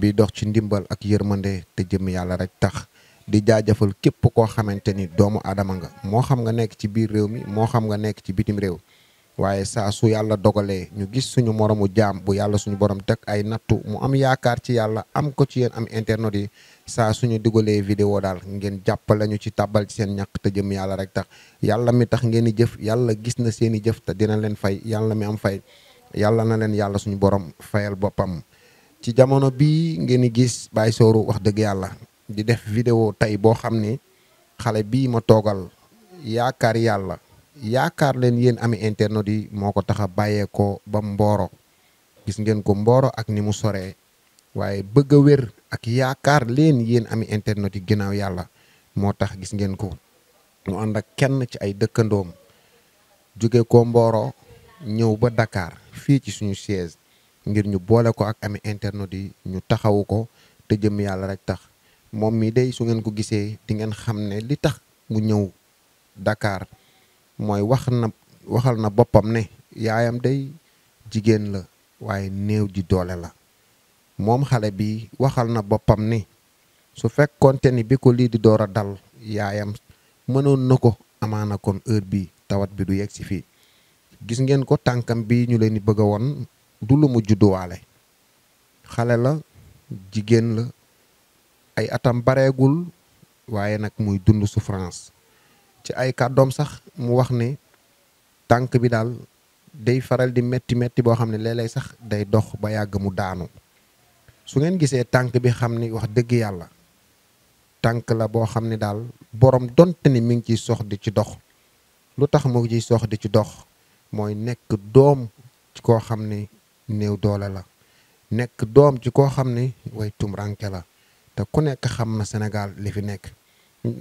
bi dox ci ndimbal ak yërmande te jëm yàlla rek tax di jaajëfal képp koo xamante ni doomu aadama nga moo xam nga nekk ci biir réew mi moo xam nga nekk ci bitim réew waaye saa su yàlla dogalee ñu gis suñu moromu jaam bu yàlla suñu borom teg ay nattu mu am yaakaar ci yàlla am ko ci yéen am internet yi saa suñu dugalee vidéo daal ngeen jàppale ñu ci tàbbal seen ñàkk te jëm yàlla rek tax yàlla mi tax ngeen di jëf yàlla gis na seen i jëf te dina leen fay yàlla mi am fay yàlla na leen yàlla suñu borom fayal boppam ci jamono bi ngeen gis bay Sooru wax deug yalla di def video tay bo xamni ne xale bii ma togal yaakar yalla yaakar len yeen ami internet yi moko taxa baye ko ba Mboro gis ngeen ko Mboro ak ni mu sore waye beug wer ak yaakar len yeen ami internet yi ginaaw yalla mo tax gis ngeen ko mu and ak kenn ci ay dëkkandoom joge ko Mboro ñew ba Dakar fi ci suñu siège ngir ñu boole ko ak ami internet yi ñu taxawu ko te jëm yàlla rek tax moom mii day su ngeen ko gisee di ngeen xam ne li tax mu ñëw dakaar mooy wax na waxal na boppam ne yaayam day jigéen la waaye néew ji doole la moom xale bi waxal na boppam ni su fekkoonte ni bi ko lii di door a dal yaayam mënoon na ko amaana kon heure bi tawat bi du yegg si fii gis ngeen ko tànkam bi ñu leen di bëgg woon du lu mu judduwaale xale la jigéen la ay atam bareegul waaye nag muy dund su france ci ay kàddoom sax mu wax ni tànk bi daal day faral di metti metti boo xam ne léeg-léeg sax day dox ba yàgg mu daanu su ngeen gisee tànk bi xam ni wax dëgg yàlla tànk la boo xam ne daal boroom donte ni mi ngi ciy sox di ci dox lu tax mu ciy sox di ci dox mooy nekk doom ci koo xam ne néew doole la nekk doom ci koo xam ne way tumranke la te ku nekk xam na Sénégal li fi nekk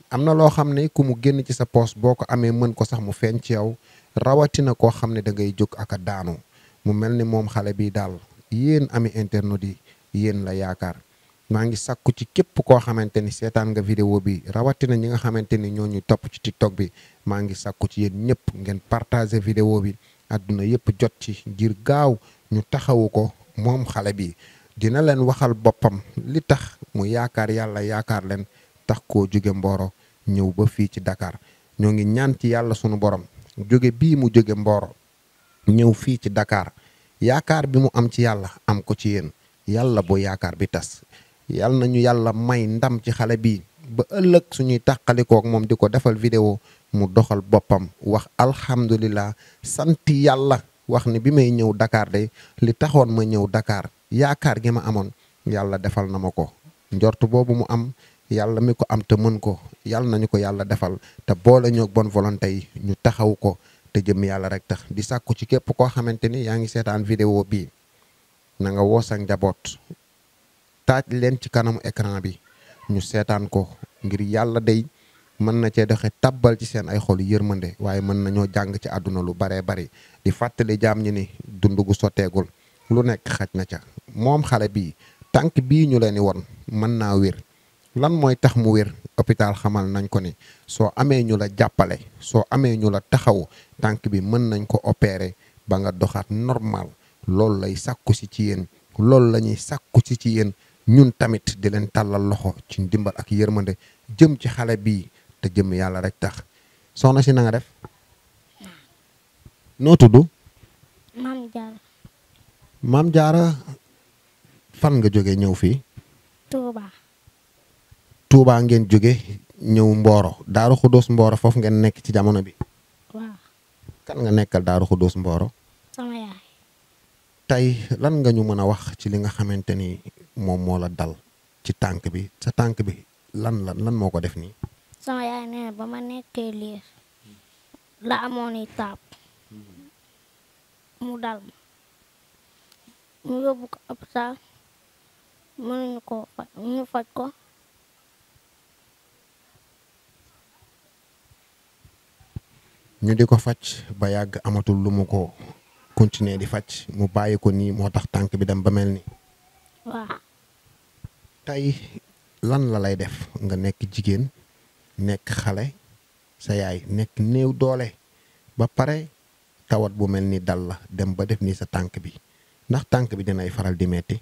am na loo xam ne ku mu génn ci sa poos boo ko amee mën ko sax mu feeñ ci yow rawatina koo xam ne da ngay jóg ak a daanu mu mel ni moom xale bi daal yéen ami internet yi yéen la yaakaar maa ngi sakku ci képp koo xamante ni seetaan nga vidéo bi rawatina ñi nga xamante ni ñoo ñu topp ci TikTok bi maa ngi sakku ci yéen ñëpp ngeen partager vidéo bi àdduna yëpp jot ci ngir gaaw ñu taxawu ko moom xale bi dina len waxal bopam li tax mu yaakar yalla yaakar len tax ko joge mboro ñew ba fi ci Dakar ñongi ñaan ci yalla suñu borom joge bi mu joge mboro ñew fi ci Dakar yaakar bi mu am ci yalla am ko ci yeen yalla bo yaakar bi tas yalla nañu yalla may ndam ci xalé bi ba ëllëg suñuy ko ak mom diko defal video mu doxal bopam wax alhamdullilah sant yalla wax ni bi may ñew Dakar de li taxone ma ñew Dakar yaakar gi ma amone yalla defal na ma ko mu am yalla mi ko am te mën ko yalla nañu ko yalla defal te boole ñok bon volonté yi ñu taxaw ko te jëm yalla rek tax di sakku ci képp ko xamanteni yaangi sétane video vidéo bi na nga woo sa njaboot taaj len ci kanam écran bi ñu sétane ko ngir yalla day man na ci doxé tabbal ci seen ay xol yërmande waye man nañoo jang ci aduna lu bare bare di fatale jam ñi ni dund gu lu nek xaj na ca mom xalé bi tank bi ñu leen won man na wër lan moy tax mu wër hôpital xamal nañ ko ni so amé ñu la jappalé so amé ñu la taxaw tank bi man nañ ko opérer ba nga doxat normal lol lay sakku ci ci yeen lol lañuy sakku ci ci yeen ñun tamit di leen talal loxo ci ndimbal ak yermande jëm ci xalé bi te jëm yàlla rek tax soxna si na nga def. noo tudd. mam jaar mam Diarra fan nga jóge ñëw fii. Touba. Touba ngeen jóge ñëw Mboro Daaru Xuddoos Mboro foofu ngeen nekk ci jamono bi. waaw. kan nga nekkal Daaru Xuddoos Mboro. sama yaay. tey lan nga ñu mën a wax ci li nga xamante ni moom moo la dal ci tànk bi sa tànk bi lan lan lan moo ko def nii saya ini pemainnya mana lah lamon modal mau buka apa mau ko mau fat ko ñu di ko facc ba yàgg amatul lu mu ko continuer di facc mu bàyyi ko nii moo tax tànk bi dem ni waaw tey lan la lay def nga nekk jigéen nekk xale sa yaay nekk néew doole ba pare tawat bu mel ni dal la dem ba def ni sa tànk bi ndax tànk bi dinay faral di metti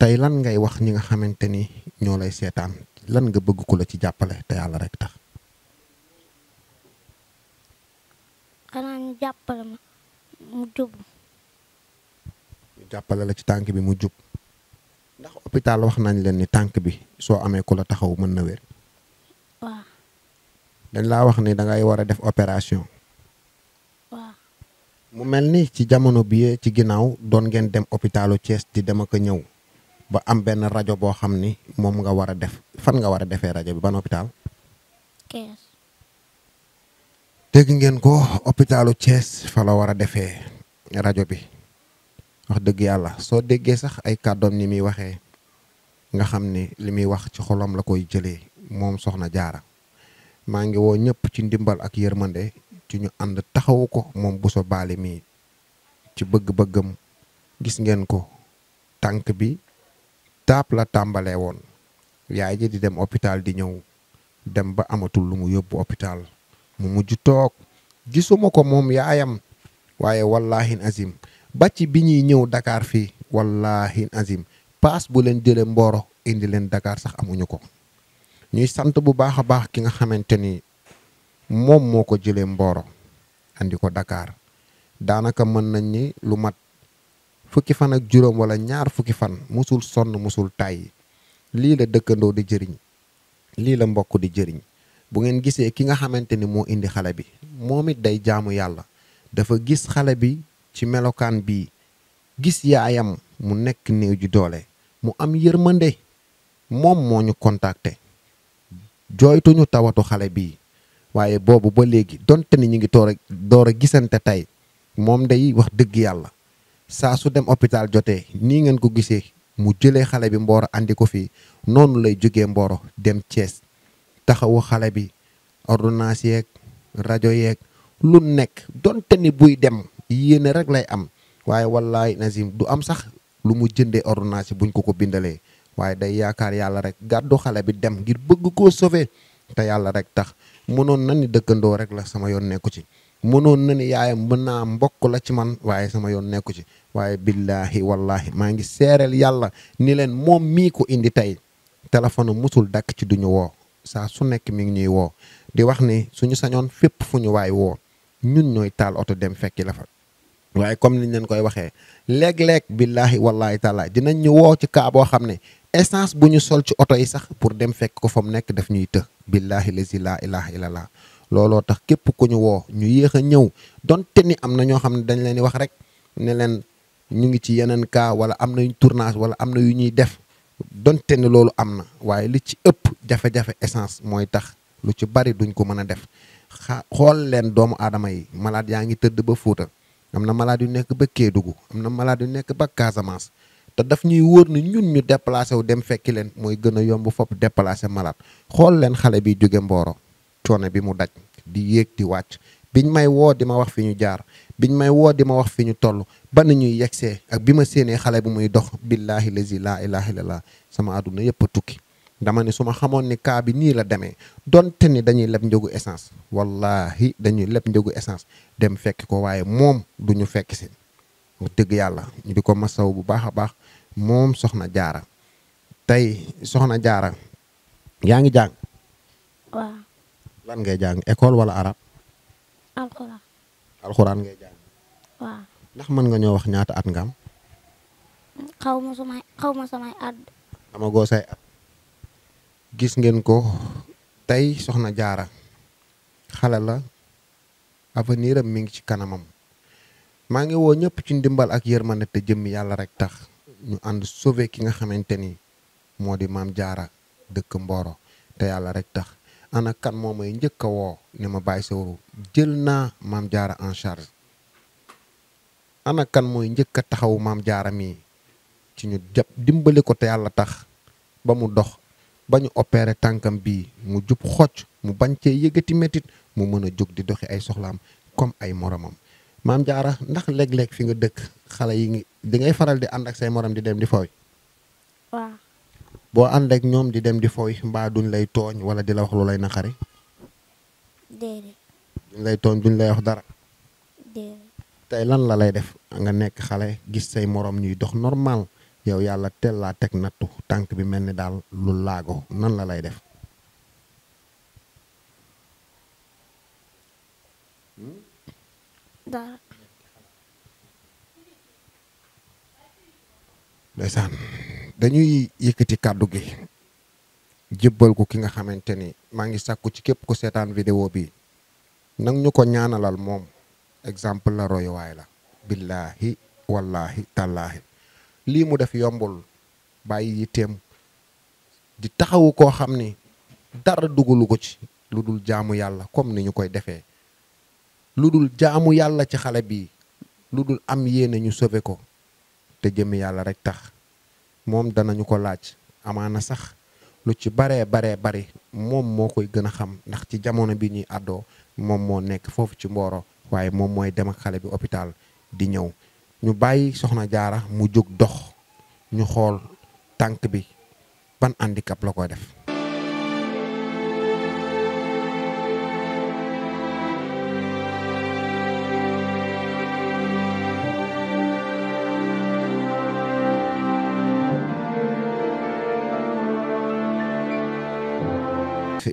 tey lan ngay wax ñi nga xamante ni ñoo lay seetaan lan nga bëgg ku la ci jàppale te yàlla rekk tax xanaa ñu jàppale ma mu jub jàppale la ci tànk bi mu jub ndax hôpital wax nañ leen ni tànk bi soo amee ku la taxaw mën na wér. waaw. dañ laa wax ni da ngay war a def opération. waaw. mu mel ni ci jamono ci ginnaaw doon ngeen dem hôpitalu Thiès di dem ak ñëw ba am benn rajo boo xam ni moom nga war a def fan nga war a defee bi ban hôpital. Thiès. dégg ngeen ko hôpitalu Thiès fa la war a defee rajo bi wax deug yalla so degge sax ay kaddom ni mi waxe nga xam limi wax ci xolam la koy jele mom soxna jaara ma ngi wo ñepp ci ndimbal ak yermande ci ñu and taxaw ko mom bu so balé mi ci bëgg-bëggam gis ngeen ko tank bi tap la tambalé won yaay ji di dem hôpital di ñew dem ba amatul lu mu yobbu hôpital mu mujj tok gisumako mom yaayam waye wallahi azim ba bi ñuy ñëw dakaar fii wallahi azim paas bu leen jëlee Mboro indi leen dakaar sax amuñu ko ñuy sant bu baax a baax ki nga xamante ni moom moo ko jëlee mbooro indi ko dakaar daanaka mën nañ ni lu mat fukki fan ak juróom wala ñaar fukki fan musul sonn musul tàyyi lii la dëkkandoo di jëriñ lii la mbokk di jëriñ bu ngeen gisee ki nga xamante ni moo indi xale bi moom it day jaamu yàlla dafa gis xale bi ci melokaan bi gis yaayam mu nekk néew ju doole mu am yërmande moom moo ñu contacter jooytuñu tawatu xale bi waaye boobu ba léegi donte ni ñu ngi toor door a gisante tey moom day wax dëgg yàlla saa su dem hôpital jotee nii ngeen ko gisee mu jëlee xale bi Mboro andi ko fii noonu lay jógee Mboro dem Thiès taxawu xale bi ordonnance yeeg rajo yeeg lu nekk donte ni buy dem yéene rek lay am waaye wallaay nazim du am sax lu mu jëndee ordonnance buñ ko ko bindalee waaye day yaakaar yàlla rek gàddu xale bi dem ngir bëgg koo sauver te yàlla rek tax mënoon na ni dëkkandoo rek la sama yoon nekku ci mënoon na ni mën naa mbokk la ci man waaye sama yoon nekku ci waaye billaahi wallahi maa ngi seereel yàlla ni leen moom mii ko indi tey téléphone mosul dakk ci duñu woo saa su nekk mi ngi ñuy woo di wax ni suñu sañoon fépp fu ñu waay woo ñun ñooy taal oto dem fekki la fa waaye comme niñ leen koy waxee léeg-léeg billaahi wallaahi taala dinañ ñu woo ci kaa boo xam ne essence bu ñu sol ci oto yi sax pour dem fekk ko fa mu nekk daf ñuy të billaahi lazi laa ilaaha illallah looloo tax képp ku ñu woo ñu yéex a ñëw donte ni am na ñoo xam ne dañ leen di wax rek ne leen ñu ngi ci yeneen kaa wala am na tournage wala am na yu ñuy def donte ni loolu am na waaye li ci ëpp jafe-jafe essence mooy tax lu ci bari duñ ko mën a def xa xool leen doomu aadama yi malade yaa ngi tëdd ba fuuta am na malade yu nekk ba Kédougou am na malade yu nekk ba Casamance te daf ñuy wóor ni ñun ñu déplacé wu dem fekki leen mooy gën a yomb fopp déplacé malade xool leen xale bi jóge mbooro coono bi mu daj di yéeg di wàcc biñ may woo di ma wax fi ñu jaar biñ may woo di ma wax fi ñu toll ba na ñuy yegsee ak bi ma séenee xale bi muy dox billaahi lazi laa ilaaha illallaah sama àdduna yëpp a tukki dama ne suma xamone ni ka bi ni la demé donte ni dañuy lepp njëgu essence wallahi dañuy lepp njëgu essence dem fekk ko waye mom duñu ñu fekk si deug yalla ñu diko ko masaw bu baaxa baax mom soxna jaara tay soxna jaara yaangi jang. wa lan ngay jang école wala arab alxuraan alxuraan ngay jang wa ndax man nga ñoo wax ñaata at nga am xaw ma samay xaw say at gis ngeen ko tay soxna jaara xale la avenir am ngi ci kanamam ma ngi wo ñëpp ci ndimbal ak yermane te jëm yalla rek tax ñu and sauver ki nga xamanteni modi mam di mam jaara dekk Mboro te yalla rek tax ana kan momay may wo a ne ma bay sawru jël mam maam jaara en charge ana kan moy njëkk taxaw mam jaara mi ci ñu te yalla tax ba mu dox bañu opéré tankam bi mu jup xoc mu bañ ci yëgati metit mu mëna jog di doxé ay soxlam comme ay moromam mam jaara ndax léeg leg fi nga dëkk xalé yi di ngay faral di and ak say moram di dem di foy wa bo and ak ñom di dem di foy mba duñ lay togn wala di la wax lu lay naxari déedéet duñ lay togn duñ lay wax dara tay lan la lay def nga nekk xalé gis say morom ñuy dox normal yow yàlla teel laa teg nattu tànk bi mel ni daal lu laago nan la lay def hmm? ndeysaan dañuy yëkkati kàddu gi jébbal ko ki nga xamante ni maa ngi sakku ci képp ku seetaan vidéo bi nag ñu ko ñaanalal moom exemple la royuwaay la billaahi wallaahi tallaahi lii mu def yombul bàyyi yitteem di taxawu koo xam ni dara dugalu ko ci lu dul jaamu yàlla comme ni ñu koy defee lu dul jaamu yàlla ci xale bi lu dul am yéene ñu sauver ko te jëm yàlla rek tax moom danañu ko laaj amaana sax lu ci baree baree bari moom moo koy gën a xam ndax ci jamono bi ñuy àddoo moom moo nekk foofu ci mbooro waaye moom mooy dem xale bi hôpital di ñëw ñu bayyi soxna jaara mu jog dox ñu xol tank bi ban handicap la koy def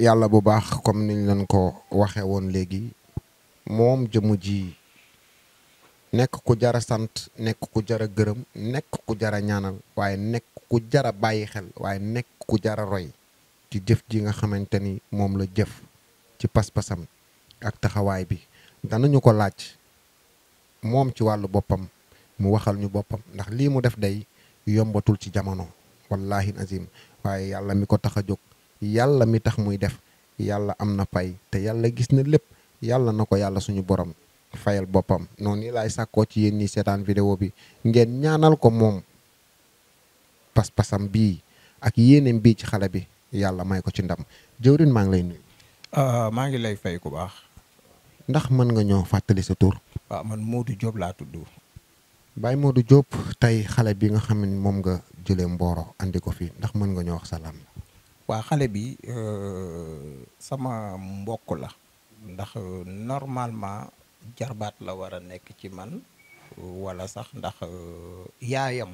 yalla bu baax comme niñ lan ko waxé won légui mom jëmuji nekk ku jara sant nekk ku jara gërëm nekk ku jara ñaanal waaye nekk ku jara bàyyi xel waaye nekk ku jara roy ci jëf ji nga xamante ni moom la jëf ci pas-pasam ak taxawaay bi danañu ko laaj moom ci wàll boppam mu waxal ñu boppam ndax lii mu def day yombatul ci jamono wallahi azim waaye yàlla mi ko tax a jóg yàlla mi tax muy def yàlla am na pay te yàlla gis na lépp yàlla na ko yàlla suñu borom fayal bopam noni ni lay sako ci yéen video seetaan bi ngeen ñaanal ko mom pas-pasam bi ak yéeneem bi ci xala bi yalla may ko ci ndam jeewrin ma ngi lay ah ma ngi lay fay ku bax ndax man nga ñoo fatali sa tour wa man Modou job la tuddu bay Modou job tay xala bi nga xamni mom nga jëlee Mboro andi ko fi ndax man nga ñoo wax salam wa xale bi euh, sama mbokk la. ndax euh, normalement jarbat la wara nek ci man wala sax ndax euh, yaayam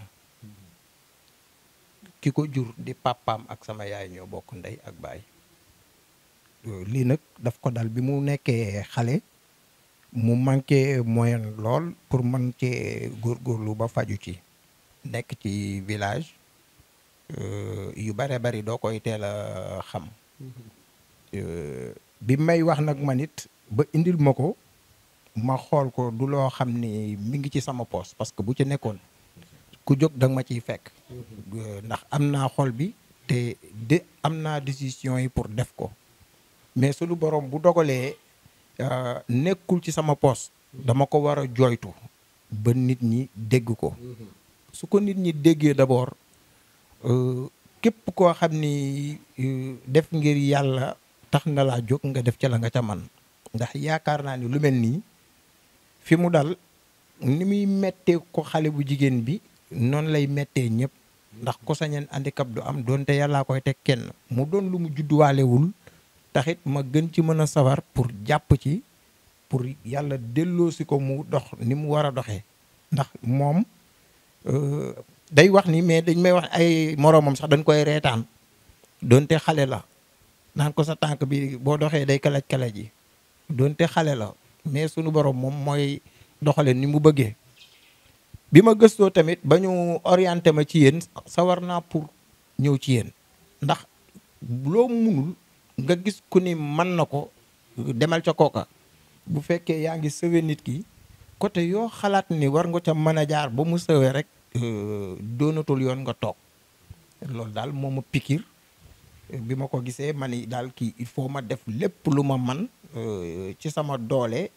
kiko jur di papam ak sama yaay ñoo bok ndey ak bay euh, li nak daf ko dal bi mu nekké xalé mu manké moyen lol pour gor gor lu ba faju ci nek ci village euh, yu bare bare do koy téla xam mm-hmm. euh bi may wax nak manit ba indil moko ma xool ko du loo xam ni mi ngi ci sama poos parce que bu ci nekkoon ku jóg da ma ciy fekk euh, ndax am naa xol bi te de am naa décision yi pour def ko mais suñu borom bu dogalee euh, nekkul ci sama poos dama ko war a jooytu ba nit ñi dégg ko su ko nit ñi déggee d'abord euh, képp koo xam ni def ngir yàlla tax na laa jóg nga def ca la nga ca man ndax yaakaar naa ni lu mel nii fi mu dal ni muy metté ko xalé bu jigen bi non lay metté ñep ndax ko ande handicap du am te yalla koy tek kenn mu don lu mu wul taxit ma gën ci mëna a sawar pour japp ci pour yàlla ci ko mu dox ni mu wara doxé ndax mom euh day wax ni mais dañ may wax ay moroomam sax dañ koy reetaan doonte xalé la naan ko sa tank bi bo doxé day kalaj kalaj yi doonte xalé la mais sunu borom moom mooy doxale ni mu bëggee bi ma gëstoo tamit ba ñu orienté ma ci yéen war naa pour ñëw ci yéen ndax loo munul nga gis ku ni mën na ko demal ca kooka bu fekkee yaa ngi sëwe nit ki côté yoo xalaat ni war nga ca mën a jaar ba mu sëwe rek euh, doonatul yoon nga toog loolu daal moo ma pikir bi ma ko gisee ma ni daal kii il faut ma def lépp lu ma man Euh, ci sama doole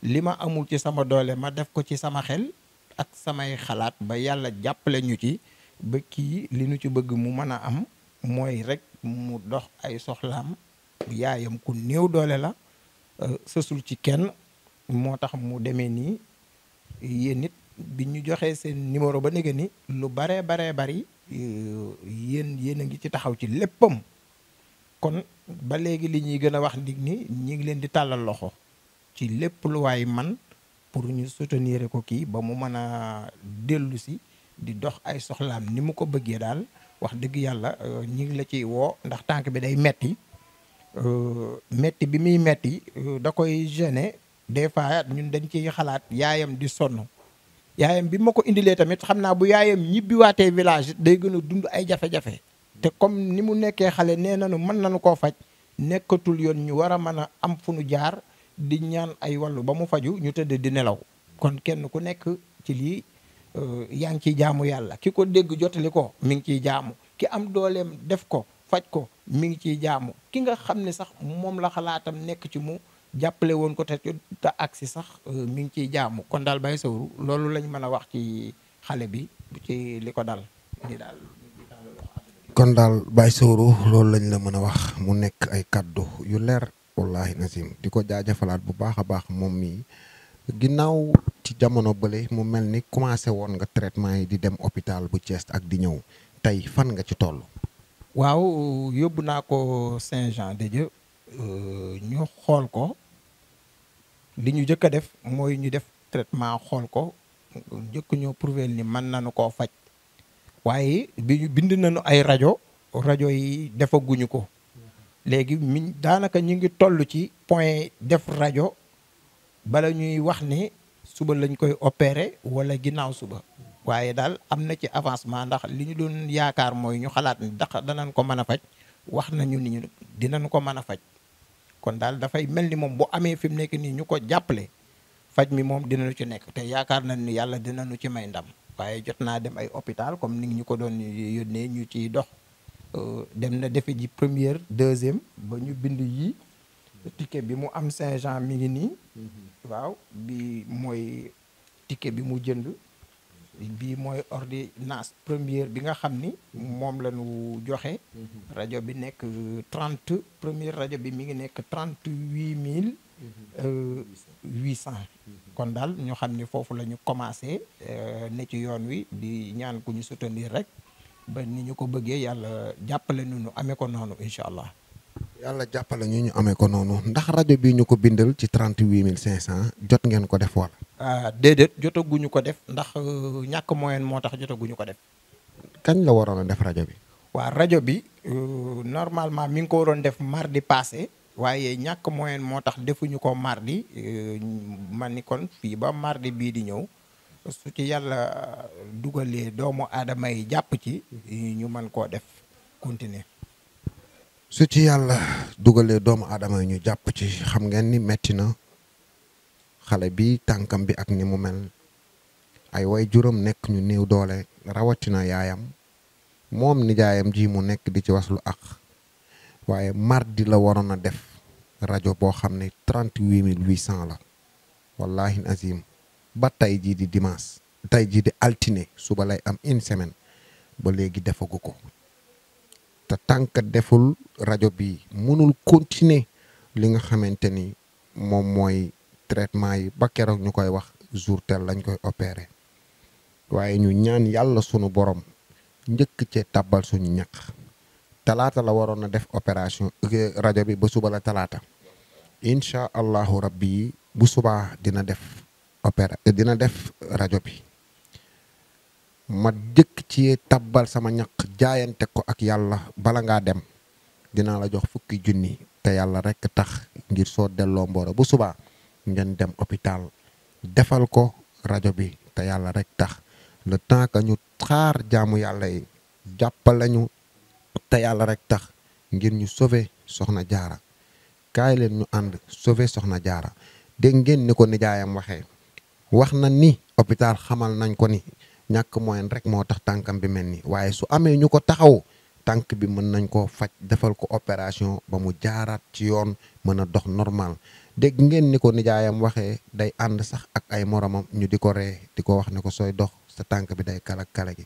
li ma amul ci sama doole ma def ko ci sama xel ak samay xalaat ba yàlla jàppale ñu ci ba kii li nu ci bëgg mu mën a am mooy rekk mu dox ay soxlaam yaayam ku néew doole la euh, sësul ci kenn moo tax mu demee nii yéen it bi ñu joxee seen numéro ba néga ni lu baree baree bari euh, yéen yéen a ngi ci taxaw ci léppam kon ba léegi li ñuy gën a wax ndig ni ñi ngi leen di tàllal loxo ci lépp lu waay man pour ñu soutenir ko kii ba mu mën a dellu si di dox ay soxlaam ni mu ko bëggee daal wax dëgg yàlla euh, ñi ngi la ciy woo ndax tànk bi day metti euh, metti bi muy metti euh, da koy gêner des fois ñun dañ ciy xalaat yaayam di sonn yaayam bi ma ko indilee tamit xam naa bu yaayam ñibbiwaatee village day gën a dund ay jafe-jafe te comme ni mu nekkee xale nee nañu mën nañu koo faj nekkatul yoon ñu war a mën a am fu nu jaar di ñaan ay wàllu ba mu faju ñu tëdd di nelaw kon kenn ku nekk ci lii euh, yaa ngi ciy jaamu yàlla ki ko dégg jotali ko mi ngi ciy jaamu ki am dooleem def ko faj ko mi ngi ciy jaamu ki nga xam ne sax moom la xalaatam nekk ci mu jàppalewoon woon ko te te agsi sax euh, mi ngi ciy jaamu kon daal bay sawru loolu lañ mën a wax ci xale bi ci li ko dal di daal kon dal bay Sourou loolu lañ la mëna wax mu nek ay kaddu yu leer wallahi nasim di ko bu baax baax mom mi ginnaw ci jamono beulé mu melni commencé won nga traitement di dem hôpital bu chest ak di ñew tay fan nga ci tollu waaw yobuna ko Saint-Jean de Dieu euh, ñu xol ko li ñu jëk def moy ñu def traitement xol ko jëk ñoo prouver ni man nañu ko fajj waaye bi bind nañu ay rajo rajo yi defaguñu ko léegi mi daanaka ñu ngi toll ci point def rajo bala ñuy wax ne suba lañ koy opérer wala ginnaaw suba waaye daal am na ci avancement ndax li ñu doon yaakaar mooy ñu xalaat ni ndax danañ ko mën a faj wax nañu ni ñu dinañ ko mën a faj kon daal dafay mel ni moom bu amee fi mu nekk nii ñu ko jàppale faj mi moom dina dinañu ci nekk te yaakaar nañ ni yàlla dina dinañu ci may ndam waaye jot naa dem ay hôpital comme ni ñu ko doon yónnee ñu ciy dox euh, dem na defe ji première deuxième ba ñu bind yi ticket bi mu am Saint-Jean mi ngi nii mm-hmm. waaw bi mooy ticket bi mu jënd bi mooy ordonnance première bi nga xam ni moom la ñu joxe mm-hmm. rajo bi nekk euh, trente première rajo bi mi ngi nekk trente huit mille Euh, huit cent kon daal ñu xam ni foofu la ñu commencé euh, ne ci yoon wi di ñaan ku ñu soutenir rek ba ni ñu ko bëggee yàlla jàppale nu ñu amee ko noonu incha allah yàlla jàppale ñu ñu amee ko noonu ndax rajo bi ñu ko bindal ci trente huit mille cinq cent jot ngeen ko def wala ah déedéet jotaguñu ko def ndax euh, ñàkk moyen moo tax jotaguñu ko def kañ la waroon a def rajo bi waaw rajo bi normalement mi ngi ko waroon def mardi passé waaye ñàkk moyen moo tax defuñu ko mardi euh, man ni kon fii ba mardi bii di ñëw su ci yàlla dugalee doomu aadama yi jàpp ci ñu mën koo def continuer su yàlla dugalee doomu aadama yi ñu jàpp ci xam ngeen ni metti na xale bi tànkam bi ak ni mu mel ay way juróom nekk ñu néew doole rawatina yaayam moom nijaayam ji mu nekk di ci was lu ak waaye mardi la waroon a def rajo boo xam ne trente huit mille huit cent la wallahi azim ba tey jii di dimanche tey jii di altine suba lay am une semaine ba léegi defagu ko te tànk deful rajo bi mënul continuer li nga xamante ni moom mooy traitement yi ba keroog ñu koy wax jour tel lañ koy opeere waaye ñu ñaan yàlla sunu borom njëkk cee tàbbal suñu ñaq Talata la waron na def operation radio bi bu suba la talata insha allah rabbi bu suba dina def opera dina def radio bi ma dekk ci tabal sama ñak jaayante ko ak yalla bala nga dem dina la jox fukki junni te yalla rek tax ngir so delo mboro bu suba ngeen dem hôpital defal ko radio bi te yalla rek tax le temps que ñu xaar jaamu yalla yi te yalla rek tax ngir ñu sauver soxna jaara kay leen ñu and sauver soxna jaara de ngeen ne ko nijaayam waxe wax na ni hôpital xamal nañ ko ni ñak moyen rek mo tax tankam bi melni waye su amé ñuko ko taxaw tank bi mën nañ ko fajj defal ko opération ba mu jaarat ci yoon mëna dox normal dégg ngeen ni ko nijaayam waxe day and sax ak ay moromam ñu diko ré diko wax ne ko soy dox sa tank bi day kala kala gi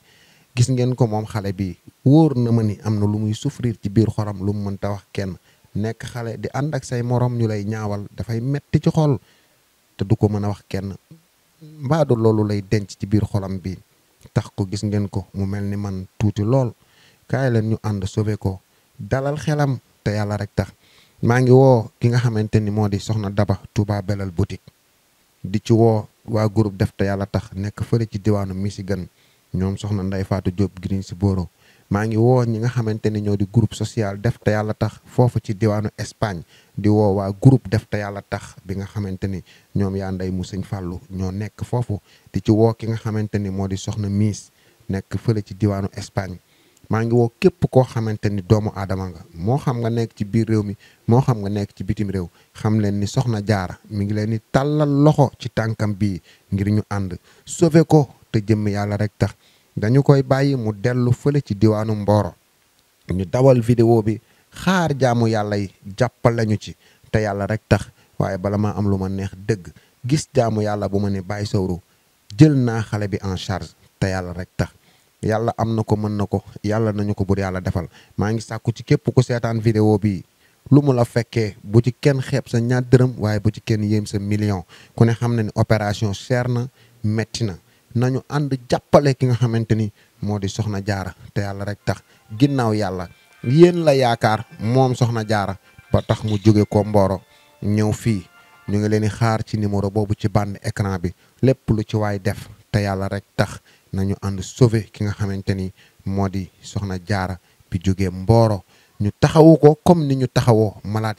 gis ngeen ko moom xale bi wóor na ma ni am na lu muy souffrir ci biir xoram lu mu mënta wax kenn nekk xale di ànd ak say moroom ñu lay ñaawal dafay metti ci xol te du ko mën a wax kenn mbaadu loolu lay denc ci biir xolam bi tax ko gis ngeen ko mu mel ni man tuuti lool kaay leen ñu ànd sauver ko dalal xelam te yàlla rek tax maa ngi woo ki nga xamante ni moo di soxna Daba Touba Belal boutique di ci woo waa groupe def te yàlla tax nekk fële ci diwaanu Michigan ñoom soxna Ndeye faatu Diop Green si Boro maa ngi woo ñi nga xamante ni ñoo di groupe social def te yàlla tax foofu ci diwaanu Espagne di woo waa groupe def te yàlla tax bi nga xamante ni ñoom yaa nday mu sëñ Fallou ñoo nekk foofu di ci woo ki nga xamante ni moo di soxna miis nekk fële ci diwaanu Espagne maa ngi woo képp koo xamante ni doomu aadama nga moo xam nga nekk ci biir réew mi moo xam nga nekk ci bitim réew xam leen ni soxna jaara mi ngi leen ni tàllal loxo ci tànkam bii ngir ñu ànd sauver ko te jëmm yàlla rek tax dañu koy bàyyi mu dellu fële ci diwaanu Mboro ñu dawal vidéo bi xaar jaamu yàlla jàppal lañu ci te yàlla rek tax waaye bala ma am lu ma neex dëgg gis jaamu yàlla bu ma ne bàyyi Sowro jël naa xale bi en charge te yàlla rek tax yàlla am na ko mën na ko yàlla nañu ko bur yàlla defal maa ngi sàkku ci képp ku seetaan vidéo bi lu mu la fekkee bu ci kenn xeeb sa ñaar dërëm waaye bu ci kenn yéem sa million ku ne xam na ni opération cher na metti na nañu ànd jàppale ki nga xamante ni moo di soxna jaara te yàlla rek tax ginnaaw yàlla yéen la yaakaar moom soxna jaara ba tax mu jóge ko Mboro ñëw fii ñu ngi leen di xaar ci numéro boobu ci bànn écran bi lépp lu ci waay def te yàlla rek tax nañu ànd sauver ki nga xamante ni moo di soxna jaara bi jóge Mboro ñu taxawu ko comme ni ñu taxawoo malaat